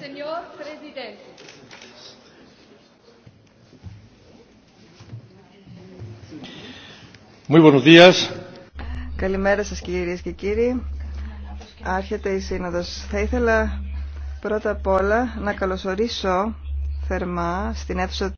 Señor Presidente. Muy buenos días. Καλημέρα σας κυρίες και κύριοι. Άρχεται η Σύνοδος. Θα ήθελα πρώτα απ' όλα να καλωσορίσω θερμά στην αίθουσα